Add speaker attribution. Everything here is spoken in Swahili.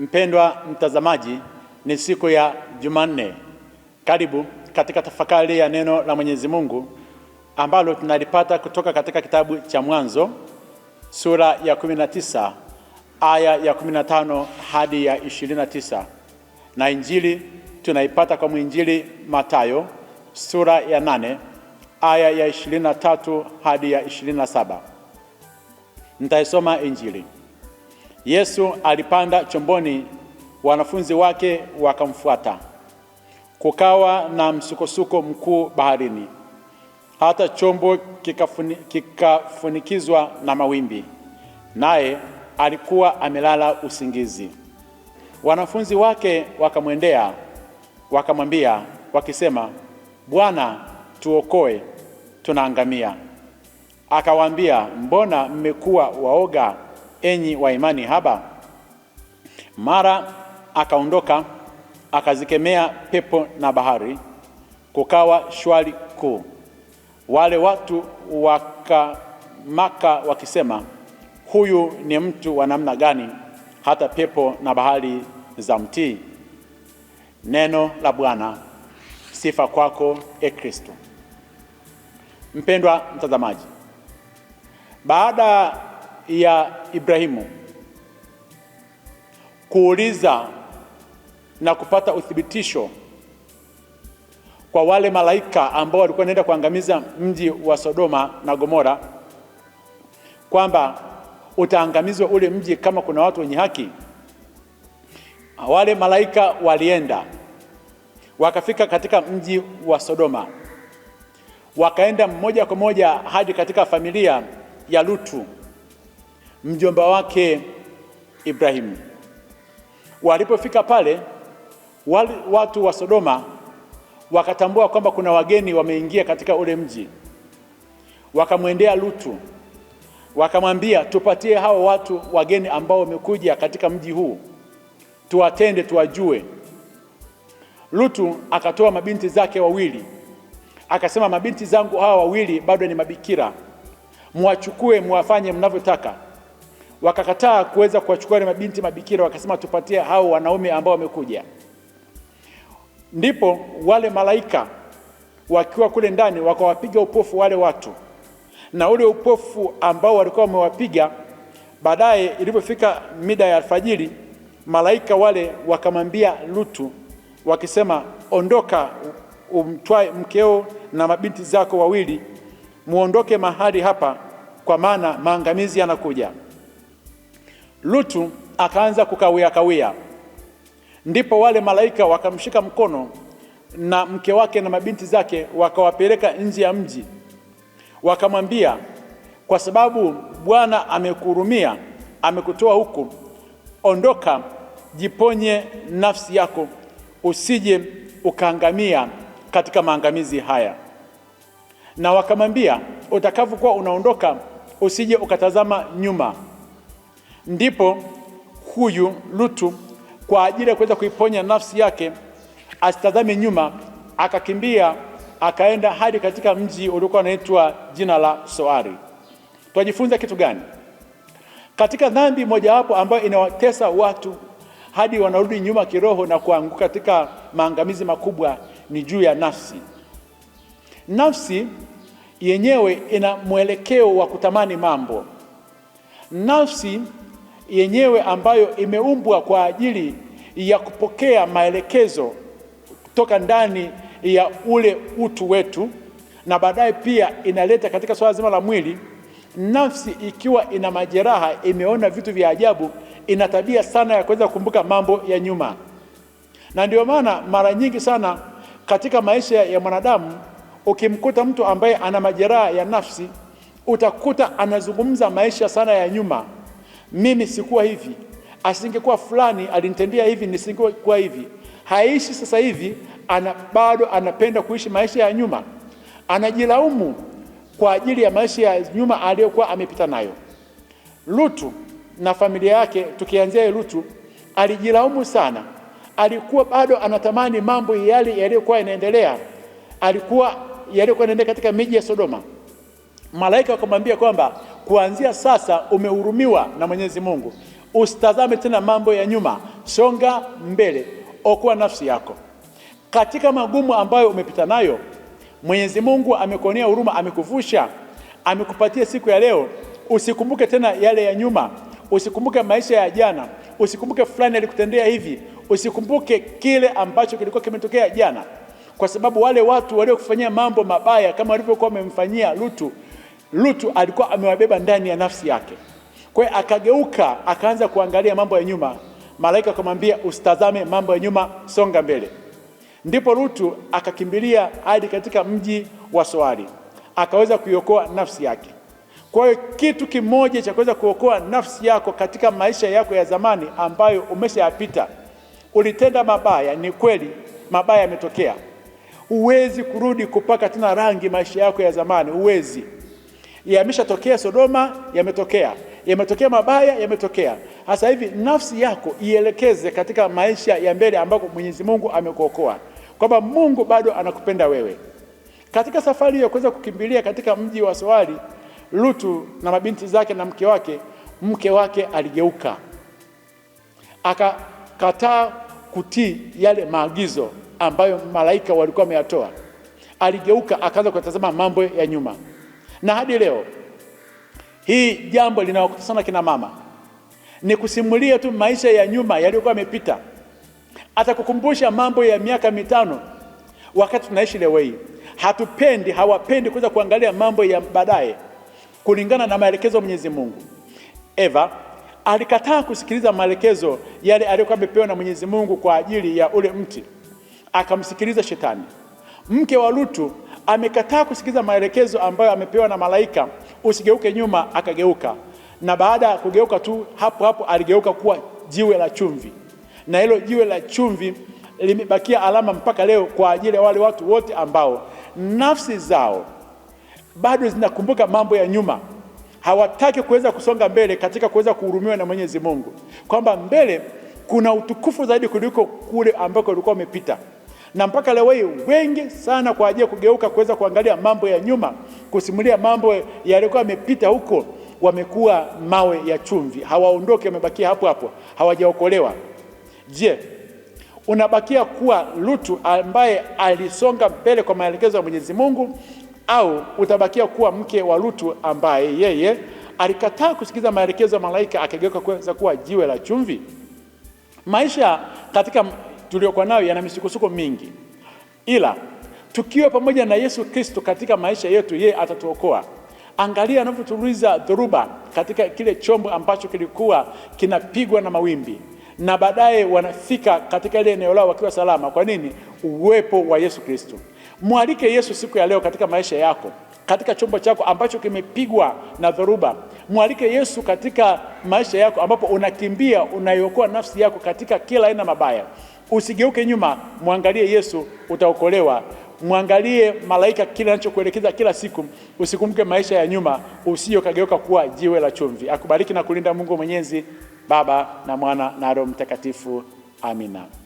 Speaker 1: Mpendwa mtazamaji, ni siku ya Jumanne. Karibu katika tafakari ya neno la Mwenyezi Mungu ambalo tunalipata kutoka katika kitabu cha Mwanzo sura ya 19 aya ya 15 hadi ya 29, na injili tunaipata kwa mwinjili Matayo sura ya 8 aya ya 23 hadi ya 27. Nitaisoma injili. Yesu alipanda chomboni, wanafunzi wake wakamfuata. Kukawa na msukosuko mkuu baharini, hata chombo kikafuni, kikafunikizwa na mawimbi, naye alikuwa amelala usingizi. Wanafunzi wake wakamwendea wakamwambia wakisema, Bwana, tuokoe, tunaangamia. Akawaambia, mbona mmekuwa waoga? enyi wa imani haba. Mara akaondoka akazikemea pepo na bahari, kukawa shwari kuu. Wale watu wakamaka wakisema, huyu ni mtu wa namna gani, hata pepo na bahari za mtii? Neno la Bwana. Sifa kwako e Kristo. Mpendwa mtazamaji, baada ya Ibrahimu kuuliza na kupata uthibitisho kwa wale malaika ambao walikuwa wanaenda kuangamiza mji wa Sodoma na Gomora kwamba utaangamizwa ule mji kama kuna watu wenye haki. Wale malaika walienda wakafika katika mji wa Sodoma, wakaenda moja kwa moja hadi katika familia ya Lutu mjomba wake Ibrahimu. Walipofika pale, watu wa Sodoma wakatambua kwamba kuna wageni wameingia katika ule mji, wakamwendea Lutu wakamwambia, tupatie hao watu wageni ambao wamekuja katika mji huu, tuwatende, tuwajue. Lutu akatoa mabinti zake wawili, akasema, mabinti zangu hawa wawili bado ni mabikira, mwachukue, mwafanye mnavyotaka wakakataa kuweza kuwachukua wale mabinti mabikira, wakasema tupatie hao wanaume ambao wamekuja. Ndipo wale malaika wakiwa kule ndani wakawapiga upofu wale watu, na ule upofu ambao walikuwa wamewapiga, baadaye ilipofika mida ya alfajiri, malaika wale wakamwambia Lutu wakisema, ondoka umtwae mkeo na mabinti zako wawili, muondoke mahali hapa, kwa maana maangamizi yanakuja. Lutu akaanza kukawia kawia, ndipo wale malaika wakamshika mkono na mke wake na mabinti zake wakawapeleka nje ya mji, wakamwambia, kwa sababu Bwana amekuhurumia, amekutoa huku, ondoka, jiponye nafsi yako, usije ukaangamia katika maangamizi haya. Na wakamwambia, utakavyokuwa unaondoka, usije ukatazama nyuma ndipo huyu Lutu kwa ajili ya kuweza kuiponya nafsi yake asitazame nyuma, akakimbia akaenda hadi katika mji uliokuwa unaitwa jina la Soari. tuajifunza kitu gani katika dhambi mojawapo ambayo inawatesa watu hadi wanarudi nyuma kiroho na kuanguka katika maangamizi makubwa? Ni juu ya nafsi. Nafsi yenyewe ina mwelekeo wa kutamani mambo. Nafsi yenyewe ambayo imeumbwa kwa ajili ya kupokea maelekezo kutoka ndani ya ule utu wetu, na baadaye pia inaleta katika swala zima la mwili. Nafsi ikiwa ina majeraha, imeona vitu vya ajabu, ina tabia sana ya kuweza kukumbuka mambo ya nyuma, na ndio maana mara nyingi sana katika maisha ya mwanadamu ukimkuta mtu ambaye ana majeraha ya nafsi, utakuta anazungumza maisha sana ya nyuma mimi sikuwa hivi, asingekuwa fulani alinitendea hivi, nisingekuwa hivi. Haishi sasa hivi, ana bado anapenda kuishi maisha ya nyuma, anajilaumu kwa ajili ya maisha ya nyuma aliyokuwa amepita nayo. Lutu na familia yake, tukianzia Lutu, alijilaumu sana. Alikuwa bado anatamani mambo yale yaliyokuwa yanaendelea, alikuwa yaliyokuwa yanaendelea katika miji ya Sodoma. Malaika wakamwambia kwamba kuanzia sasa umehurumiwa na Mwenyezi Mungu. Usitazame tena mambo ya nyuma, songa mbele, okoa nafsi yako katika magumu ambayo umepita nayo. Mwenyezi Mungu amekuonea huruma, amekuvusha, amekupatia siku ya leo. Usikumbuke tena yale ya nyuma, usikumbuke maisha ya jana, usikumbuke fulani alikutendea hivi, usikumbuke kile ambacho kilikuwa kimetokea jana, kwa sababu wale watu waliokufanyia mambo mabaya kama walivyokuwa wamemfanyia Lutu Lutu alikuwa amewabeba ndani ya nafsi yake. Kwa hiyo akageuka, akaanza kuangalia mambo ya nyuma. Malaika akamwambia usitazame mambo ya nyuma, songa mbele. Ndipo Lutu akakimbilia hadi katika mji wa Soari, akaweza kuiokoa nafsi yake. Kwa hiyo kitu kimoja cha kuweza kuokoa nafsi yako katika maisha yako ya zamani ambayo umeshayapita, ulitenda mabaya, ni kweli, mabaya yametokea. Huwezi kurudi kupaka tena rangi maisha yako ya zamani, huwezi. Yameshatokea Sodoma, yametokea yametokea mabaya, yametokea sasa hivi. Nafsi yako ielekeze katika maisha ya mbele ambako Mwenyezi Mungu amekuokoa, kwamba Mungu bado anakupenda wewe. Katika safari ya kuweza kukimbilia katika mji wa Soari, Lutu na mabinti zake na mke wake, mke wake aligeuka akakataa kutii yale maagizo ambayo malaika walikuwa wameyatoa. Aligeuka akaanza kutazama mambo ya nyuma. Na hadi leo hii jambo linawakuta sana kina mama, ni kusimulia tu maisha ya nyuma yaliyokuwa yamepita, hata kukumbusha mambo ya miaka mitano wakati tunaishi leo hii. Hatupendi, hawapendi kuweza kuangalia mambo ya baadaye kulingana na maelekezo ya Mwenyezi Mungu. Eva alikataa kusikiliza maelekezo yale aliyokuwa amepewa na Mwenyezi Mungu kwa ajili ya ule mti, akamsikiliza shetani. Mke wa Lutu amekataa kusikiza maelekezo ambayo amepewa na malaika, usigeuke nyuma. Akageuka, na baada ya kugeuka tu, hapo hapo aligeuka kuwa jiwe la chumvi, na hilo jiwe la chumvi limebakia alama mpaka leo kwa ajili ya wale watu wote ambao nafsi zao bado zinakumbuka mambo ya nyuma, hawataki kuweza kusonga mbele katika kuweza kuhurumiwa na Mwenyezi Mungu, kwamba mbele kuna utukufu zaidi kuliko kule ambako ulikuwa umepita na mpaka leo hii wengi sana kwa ajili ya kugeuka kuweza kuangalia mambo ya nyuma, kusimulia mambo yaliyokuwa yamepita huko, wamekuwa mawe ya chumvi, hawaondoki, wamebakia hapo hapo, hawajaokolewa. Je, unabakia kuwa Lutu ambaye alisonga mbele kwa maelekezo ya Mwenyezi Mungu au utabakia kuwa mke wa Lutu ambaye yeye alikataa kusikiza maelekezo ya malaika akageuka kuweza kuwa jiwe la chumvi? Maisha katika tuliokuwa nayo yana misukosuko mingi, ila tukiwa pamoja na Yesu Kristo katika maisha yetu, yeye atatuokoa. Angalia anavyotuliza dhoruba katika kile chombo ambacho kilikuwa kinapigwa na mawimbi, na baadaye wanafika katika ile eneo lao wakiwa salama. Kwa nini? Uwepo wa Yesu Kristo. Mwalike Yesu siku ya leo katika maisha yako, katika chombo chako ambacho kimepigwa na dhoruba. Mwalike Yesu katika maisha yako ambapo unakimbia, unaiokoa nafsi yako katika kila aina mabaya. Usigeuke nyuma, mwangalie Yesu, utaokolewa. Mwangalie malaika kile anachokuelekeza kila siku. Usikumbuke maisha ya nyuma, usije kageuka kuwa jiwe la chumvi. Akubariki na kulinda Mungu Mwenyezi, Baba na Mwana na Roho Mtakatifu. Amina.